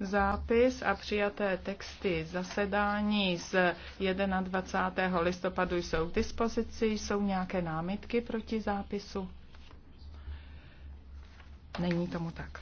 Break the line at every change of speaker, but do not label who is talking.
Zápis a přijaté texty zasedání z 21. listopadu jsou k dispozici. Jsou nějaké námitky proti zápisu? Není tomu tak.